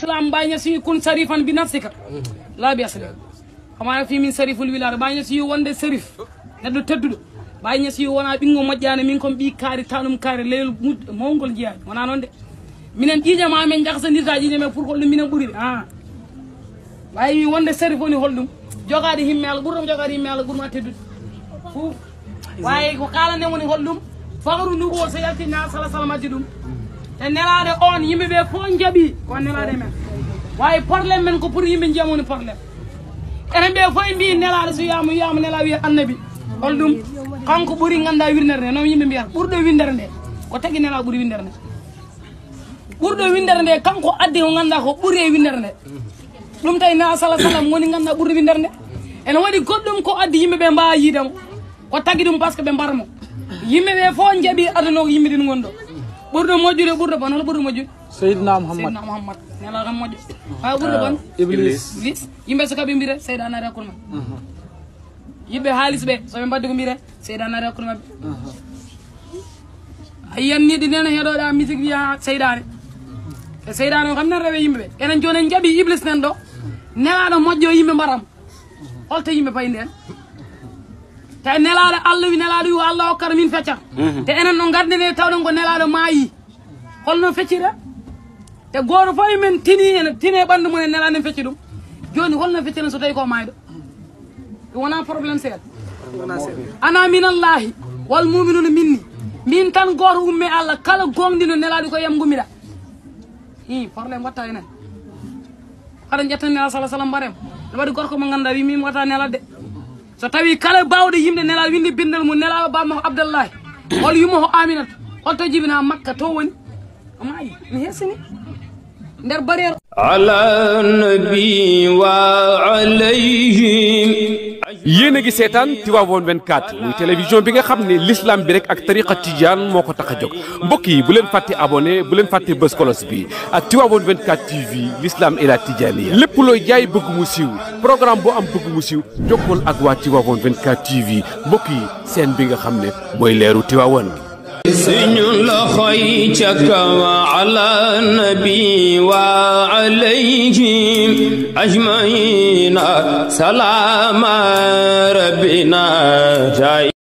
islam bañasi kun sarifan bi nafsika hmm. la bi asli kamana fi min sariful wilar bañasi wonde sarif neddo teddudo bañasi wona bingo majjane min kom bi kaari tanum kaari leel mawgol jiyaade wona non de minen ƴiƴama men jaksandirta ƴiƴame pour holɗum minen ɓuuriri a wawi wonde sarif woni holɗum jogade himme allah ɓuurɗom jogade himme allah ɓuurma teddude fof wawi ko kalande woni holɗum fagru nugo so yalti na sala salamaji ɗum e nelaade oon yimɓe ɓee fof njaɓii ko nelaade men waawi probléme men ko pour yimɓe njemoni probléme enen ɓee fof e mbi nelaade so wiyaama wiyaama nelaa wiye annabi hol ɗum kanko ɓuri nganndaa e winndere nde noon yimɓe mbiyata ɓurɗo e winndere nde ko tagi nelaa ɓuri winndere nde ɓurɗo e winndere nde kanko addi ko nganndaa ko ɓuri e winndere nde ɗum tawi nela sala sallam woni nganndaa ɓurɗo winndere nde ene waɗi goɗɗum ko addi yimɓe ɓee mbaawa yiidemo ko tagi ɗum par ce que ɓe mbarmo yimɓe ɓee fof njaɓii adanoo ko yimɓe ɗin ngon ɗoo ɓurɗo moƴƴude ɓurɗo bon hono ɓurɗo moƴƴude seydna mouhammad seydna mouhammad nelaga moƴƴo ha ɓurɗo ban. Ah, iblis. İblis. yimɓe uh-huh. so kaɓe mbire seydan uh-huh. ari hakkude mabɓe yimɓe haalis ɓe soɓe mbadde ko mbire seydan ari hakkude mabɓe a yiyanniɗi nden heɗoɗa musique wiya seydane e seydane o kam nen rewe yimɓeɓe enen joni en jaaɓi iblis nen ɗo uh-huh. nelaɗo moƴƴo yimɓe mbaram holto yimɓe payi te nelaaɗo allah wi nelaaɗo wi allah hokkata min fecca mhm. te enen no ngardine tawde ngo nelaaɗo maayi holno feccira te gooto fof men tini en tini ɓanndu mum e, e nelaade en fecci ɗum jooni holno fecciren so tawii ko maayɗo i e wonaa probléme seeɗa ana minallahi wal muminuna minni min tan gooto umme allah kala gonɗino nelaaɗo ko yam ngumiɗa i probléme watta enen haɗen ƴettan nela salah sallam mbareem ne waɗi gorko mo ngannduɗa wi min watta nelaade de so tawi kala bawɗo yimɗe nelal windi bindal mum nelaɗo bammako abdallahi hol yumaho aminata holto jibina makka to woni oma yi mi hesini nder barriére ala nabi wa alayhi yéen a seetaan Tivaouane 24 muy télévision bi nga xam ne l'islam bi rek ak tariqa tijaan moo ko tax a jóg mbokk yi bu leen fàtte abonné bu leen fàtte bës kolos bi ak Tivaouane 24 TV i et la tijaaniya lépp looy jaay bëgg mu siiw programme am bëgg mu siiw ak waa Tivaouane 24 TV mbokk yi seen bi nga xam ne mooy leeru Tivaouane. suñu loxo yi ca kaw ala nabi اجمعین سلام ربنا جائی